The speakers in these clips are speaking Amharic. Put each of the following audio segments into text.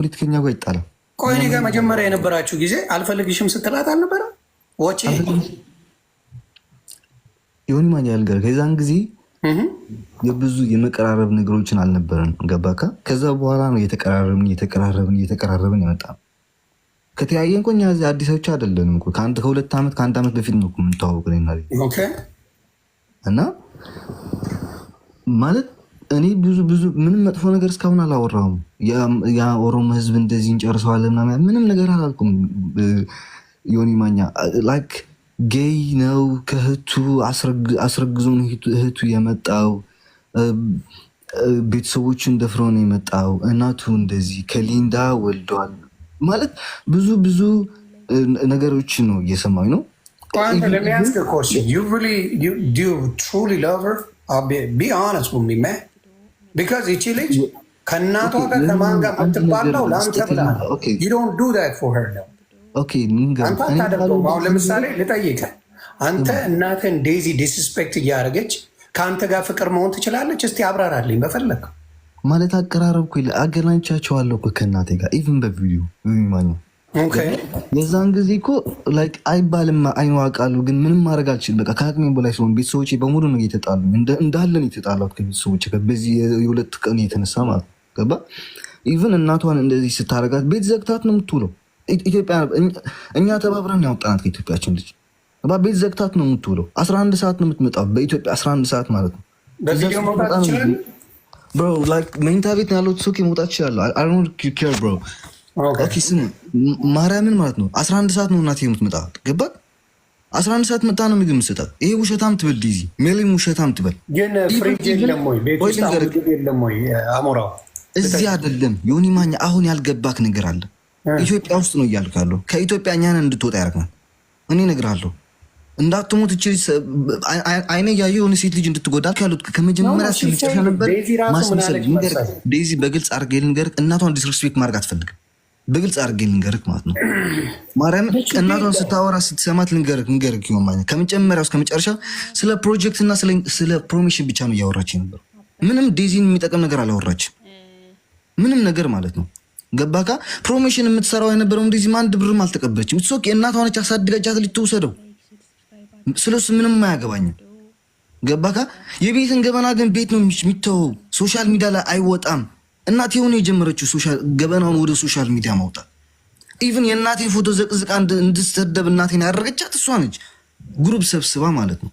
ፖለቲከኛ ጋር ይጣላል። ቆይ እኔ ጋር መጀመሪያ የነበራችሁ ጊዜ አልፈልግሽም ስትላት አልነበረ ወጪ የሆነ ማን ያልገር ከዛን ጊዜ የብዙ የመቀራረብ ነገሮችን አልነበረን ገባካ። ከዛ በኋላ ነው የተቀራረብን የተቀራረብን የተቀራረብን የመጣ ነው። ከተያየን እኮ እኛ እዚህ አዲሶች አይደለንም። ከሁለት ዓመት ከአንድ ዓመት በፊት ነው የምንተዋወቅ እና ማለት እኔ ብዙ ብዙ ምንም መጥፎ ነገር እስካሁን አላወራሁም። የኦሮሞ ህዝብ እንደዚህ እንጨርሰዋለን ምንም ነገር አላልኩም። ዮኒ ማኛ ላይክ ጌይ ነው ከእህቱ አስረግዞን እህቱ የመጣው ቤተሰቦቹን ደፍሮ ነው የመጣው። እናቱ እንደዚህ ከሊንዳ ወልደዋል ማለት ብዙ ብዙ ነገሮች ነው እየሰማኝ ነው። Let me ask you a question. You really, you, do you truly love her? I'll be, be honest with me, man. ቢካዝ ይቺ ልጅ ከእናቷ ጋር ከማን ጋር የምትባለው ለአንተ ብላ አንተ አታደርገውም። አሁን ለምሳሌ ልጠይቅህ፣ አንተ hmm. እናትህን ዴዚ ዲስስፔክት እያደረገች ከአንተ ጋር ፍቅር መሆን ትችላለች? እስቲ አብራራልኝ በፈለግ ማለት አቀራረብኩ አገናኝቻቸዋለሁ ከእናቴ ጋር ኢቭን በቪዲዮ የዛን ጊዜ እኮ ላይክ አይባልም አይዋ ቃሉ ግን ምንም ማድረግ አልችልም። በቃ ከአቅሜ በላይ ሲሆን ቤተሰቦች በሙሉ ነው እየተጣሉ እንዳለን የተጣላት ከቤተሰቦች በዚህ የሁለት ቀን የተነሳ ማለት ገባ ኢቨን እናቷን እንደዚህ ስታረጋት ቤት ዘግታት ነው የምትውለው። እኛ ተባብረን ያወጣናት ከኢትዮጵያችን ልጅ ቤት ዘግታት ነው የምትውለው። 11 ሰዓት ነው የምትመጣው በኢትዮጵያ 11 ሰዓት ማለት ነው። መኝታ ቤት ያለው ሶኬ መውጣት ይችላለሁ። ኦኬ ማርያምን ማለት ነው። አስራ አንድ ሰዓት ነው እናት የምትመጣ ገባት። አስራ አንድ ሰዓት መጣ ነው ምግብ የምትሰጣት። ይሄ ውሸታም ትበል ዲዚ ሜሊም ውሸታም ትበል። ግን ፍሪጅ የለም ወይ ቤት ውስጥ ምግብ የለም ወይ አሞራው? እዚህ አይደለም ዮኒ ማኛ፣ አሁን ያልገባክ ነገር አለ። ኢትዮጵያ ውስጥ ነው እያልካለሁ። ከኢትዮጵያ እኛን እንድትወጣ ያደርግናል። እኔ እነግርሃለሁ እንዳትሞት እች አይኔ ያየ የሆነ ሴት ልጅ እንድትጎዳ ያሉት ከመጀመሪያ ሲልጭ ነበር። ማስመሰል ዴዚ በግልጽ አድርጌ ልንገርህ፣ እናቷን ዲስሪስፔክት ማድረግ አትፈልግም በግልጽ አድርጌ ልንገርክ ማለት ነው። ማርያም እናቷን ስታወራ ስትሰማት ልንገርክ ንገርክ ይሆን ማለት ከመጨመሪያ እስከ መጨረሻ ስለ እና ስለ ፕሮሚሽን ብቻ ነው እያወራች ነበር። ምንም ዴዚን የሚጠቅም ነገር አላወራችም። ምንም ነገር ማለት ነው። ገባካ? ፕሮሚሽን የምትሰራው የነበረው ዴዚም አንድ ብርም አልተቀበለችም። ሶ የእናቷ ነች አሳድጋጃት ልትወሰደው። ስለሱ ምንም አያገባኝም። ገባካ? የቤትን ገበና ግን ቤት ነው የሚተወው፣ ሶሻል ሚዲያ ላይ አይወጣም። እናቴ የሆነ የጀመረችው ሶሻል ገበናውን ወደ ሶሻል ሚዲያ ማውጣት ኢቭን የእናቴን ፎቶ ዘቅዝቃ እንድትሰደብ እናቴን ያደረገቻት እሷ ነች። ግሩፕ ሰብስባ ማለት ነው።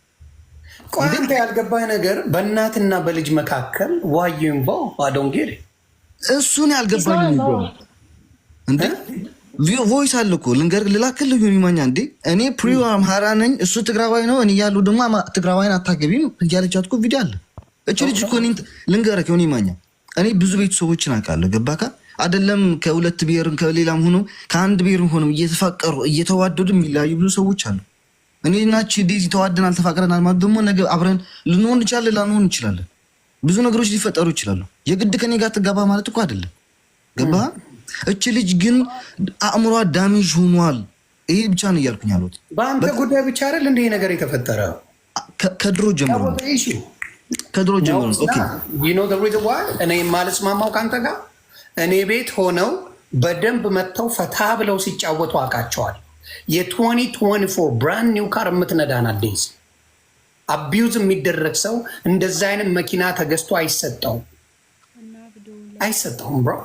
ቆንተ ያልገባህ ነገር በእናትና በልጅ መካከል ዋዩንባ አዶንጌር እሱን ያልገባኝ እንደ ቮይስ አለ እኮ ልላክል ልዩ ዩኒማኛ እንዴ እኔ ፕሪ አምሃራ ነኝ፣ እሱ ትግራዋይ ነው። እኔ እያሉ ደግሞ ትግራዋይን አታገቢም እያለቻት እኮ ቪዲዮ አለ። እች ልጅ እኮ ሆን ይማኛ እኔ ብዙ ቤተሰቦችን አውቃለሁ። ገባካ አደለም? ከሁለት ብሔርም ከሌላም ሆኖ ከአንድ ብሔርም ሆኖ እየተፋቀሩ እየተዋደዱ የሚለያዩ ብዙ ሰዎች አሉ። እኔናች አንቺ ዴዚ ተዋደናል፣ ተፋቅረናል ማለት ደግሞ ነገ አብረን ልንሆን እንችላለን፣ ላንሆን እንችላለን። ብዙ ነገሮች ሊፈጠሩ ይችላሉ። የግድ ከኔ ጋር ትጋባ ማለት እኮ አደለም። ገባ እች ልጅ ግን አእምሯ ዳሜጅ ሆኗል። ይሄ ብቻ ነው እያልኩኝ አሉት። በአንተ ጉዳይ ብቻ አይደል እንዲህ ነገር የተፈጠረ ከድሮ ጀምሮ ከድሮ ጀምሮ እኔ የማልስማማው ከአንተ ጋር እኔ ቤት ሆነው በደንብ መጥተው ፈታ ብለው ሲጫወቱ አውቃቸዋል። የ2024 ብራንድ ኒው ካር የምትነዳን አዲስ አቢዩዝ የሚደረግ ሰው እንደዛ አይነት መኪና ተገዝቶ አይሰጠውም፣ አይሰጠውም። ብሮ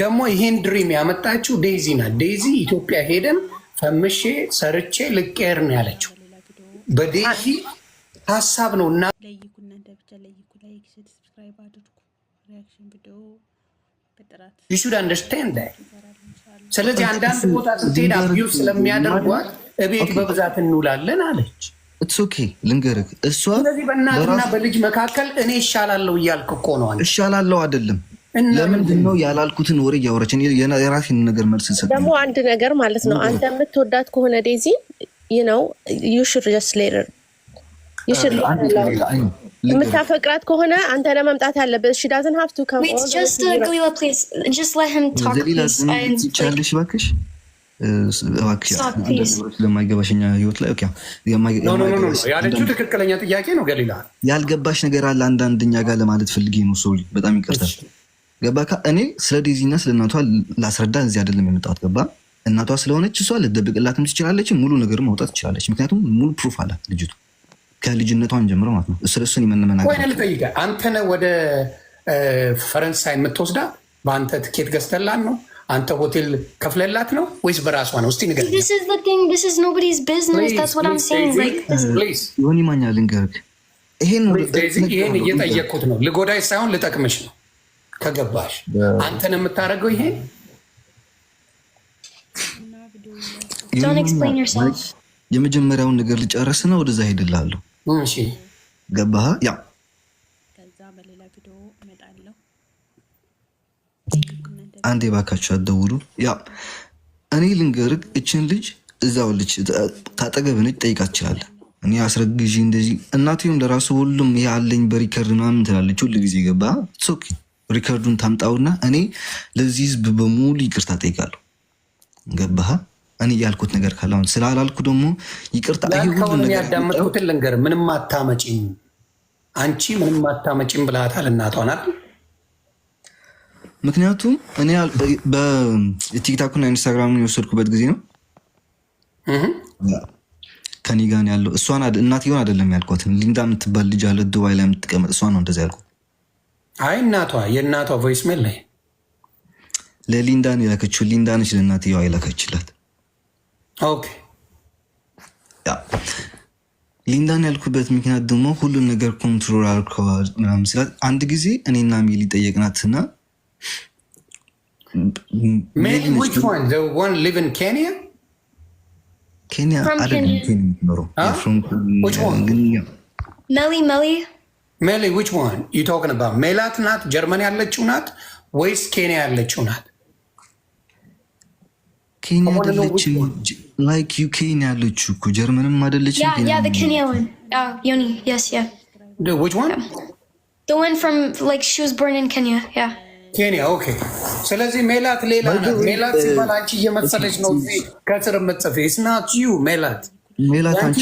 ደግሞ ይህን ድሪም ያመጣችው ዴይዚ ናት። ዴይዚ ኢትዮጵያ ሄደን ፈምሼ ሰርቼ ልቀር ነው ያለችው። በዴይዚ ሀሳብ ነው እና እንደ ብቻ ለይኩ ላይክ ሰብስክራይብ አድርጉ። ሪያክሽን ቪዲዮ በጥራት you should understand ስለዚህ አንዳንድ ቦታ ስትሄድ አብዩዝ ስለሚያደርጓት እቤት በብዛት እንውላለን አለች። ኢትስ ኦኬ ልንገርህ፣ እሷ ስለዚህ በእናትና በልጅ መካከል እኔ እሻላለሁ እያልክ እኮ ነው አለች። እሻላለሁ አይደለም ለምንድን ነው ያላልኩትን ወሬ እያወረች የራሴን ነገር መልስ ሰጥ። ደግሞ አንድ ነገር ማለት ነው አንተ የምትወዳት ከሆነ ዴዚ ነው ዩ ሹድ ጀስት ሌተር የምታፈቅራት ከሆነ አንተ ለመምጣት ያለበት እሺ። ዳዝን ቱ እባክሽ ለማይገባሽኛ ህይወት ላይ ያለችው ትክክለኛ ጥያቄ ነው። ገሊላ ያልገባሽ ነገር አለ አንዳንድኛ ጋር ለማለት ፈልጌ ነው። ሰው በጣም ይቅርታል። ገባ እኔ ስለ ዴዚና ስለ እናቷ ላስረዳ እዚህ አይደለም የመጣሁት። ገባ እናቷ ስለሆነች እሷ ልደብቅላትም ትችላለች። ሙሉ ነገር ማውጣት ትችላለች። ምክንያቱም ሙሉ ፕሩፍ አላት ልጅቱ ከልጅነቷን ጀምሮ ማለት ነው። ስለሱን ይመንመናል። አንተ አንተነ ወደ ፈረንሳይ የምትወስዳ በአንተ ትኬት ገዝተላት ነው? አንተ ሆቴል ከፍለላት ነው ወይስ በራሷ ነው? እስኪ ንገረኝ። ማኛ ልንገርህ፣ ይሄን እየጠየቅኩት ነው። ልጎዳይ ሳይሆን ልጠቅምሽ ነው። ከገባሽ አንተን የምታደርገው ይሄ የመጀመሪያውን ነገር ልጨርስና ወደዛ ሄድልሃለሁ። ገባህ? ያ አንዴ ባካችሁ አትደውሉ። ያ እኔ ልንገርህ፣ እችን ልጅ እዛው ልጅ ታጠገብ ነች፣ ጠይቃት እኔ አስረግዥ እንደዚህ እናትም ለራሱ ሁሉም ያለኝ በሪከርድ ምናምን ትላለች ሁሉ ጊዜ ገባ ሶኪ ሪከርዱን ታምጣውና እኔ ለዚህ ህዝብ በሙሉ ይቅርታ ጠይቃለሁ። ገባሃ? እኔ ያልኩት ነገር ካለ አሁን ስላላልኩ ደግሞ ይቅርታ። ያዳመጥኩትን ልንገር። ምንም አታመጪም አንቺ ምንም አታመጪም ብላታል እናቷን አይደል? ምክንያቱም እኔ በቲክታክና ኢንስታግራምን የወሰድኩበት ጊዜ ነው ከኔ ጋር ያለው እሷን እናትየውን አይደለም ያልኳት። ሊንዳ የምትባል ልጅ አለ ዱባይ ላይ የምትቀመጥ እሷ ነው እንደዚያ ያልኩት። አይ እናቷ የእናቷ ቮይስሜል ላይ ለሊንዳን ነው የላከችው። ሊንዳ ነች ለእናትየዋ የላከችላት ኦኬ ያ ሊንዳን ያልኩበት ምክንያት ደግሞ ሁሉን ነገር ኮንትሮል አልከዋል ምናምን ስላት፣ አንድ ጊዜ እኔና ሚሊ ጠየቅናትና ኬንያ አይደለም ሜላት ናት፣ ጀርመን ያለችው ናት ወይስ ኬንያ ያለችው ናት? Kenya አይደለች ላይክ ዩኬ ነው ያለችው እኮ ጀርመንም አይደለች። yeah, the Kenyan one. Oh, Yoni. Yes, yeah. The, which one? The one from like she was born in Kenya. Yeah. ኬንያ ኦኬ። ስለዚህ ሜላት ሌላ ናት። ሜላት ሲባል አንቺ እየመሰለች ነው ከስር የምትጽፊ ስናት ዩ ሜላት ሜላት አንቺ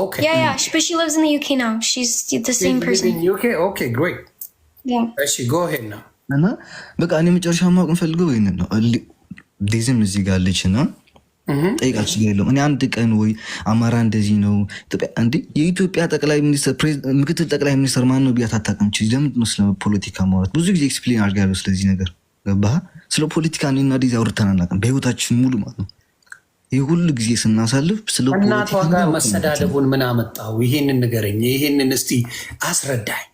Okay. Yeah, yeah, but she lives in the UK now. She's the same person. In UK? Okay, great. Yeah. she go ahead now. እና በቃ እኔ መጨረሻ ማወቅ እንፈልገው ይህንን ነው። ዴዝም እዚህ ጋር አለች እና ጠይቃች ችግር የለውም። እኔ አንድ ቀን ወይ አማራ እንደዚህ ነው እንደ የኢትዮጵያ ጠቅላይ ሚኒስትር ምክትል ጠቅላይ ሚኒስትር ማን ነው ብያት አታውቅም። ለምንድን ነው ስለ ፖለቲካ ማለት ብዙ ጊዜ ኤክስፕሌን አድርጋለሁ ስለዚህ ነገር ገባህ? ስለ ፖለቲካ እኔና ዲዚ አውርተን አናውቅም በህይወታችን ሙሉ ማለት ነው። ይህ ሁሉ ጊዜ ስናሳልፍ ስለ እናቷ ጋር መሰዳደቡን ምን አመጣው? ይሄንን ንገረኝ፣ ይሄንን እስቲ አስረዳኝ።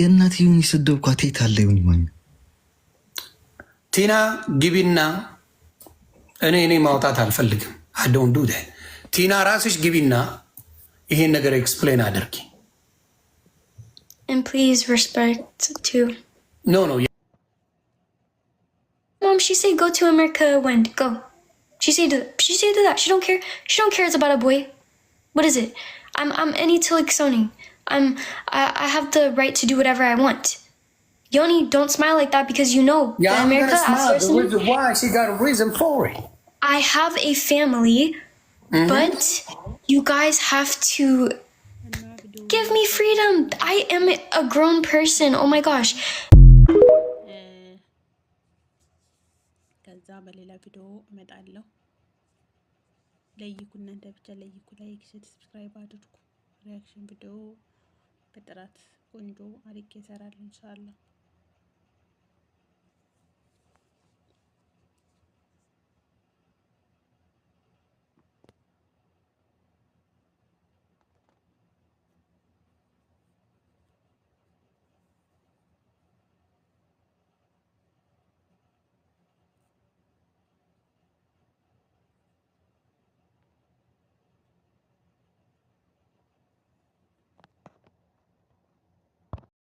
የእናትዬውን የሰደብኳት የት አለ? ይሁን ቲና ግቢና፣ እኔ እኔ ማውጣት አልፈልግም። አደውን ዱደ ቲና ራስሽ ግቢና ይሄን ነገር ኤክስፕሌን አድርጊ። ኖ ኖ Mom, she said go to America when? Go. She said, she said that. She don't care. She don't care it's about a boy. What is it? I'm, I'm any till I'm I, I have the right to do whatever I want. Yoni, don't smile like that because you know yeah, that America asked for reason why she got a reason for it. I have a family, mm-hmm. but you guys have to give me freedom. I am a grown person. Oh my gosh. ለይኩ እናንተ ብቻ ለይኩ። ላይክ፣ ሰብስክራይብ አድርጉ። ሪያክሽን ቪዲዮ በጥራት ቆንጆ አሪጌ እሰራለሁ እንሻላ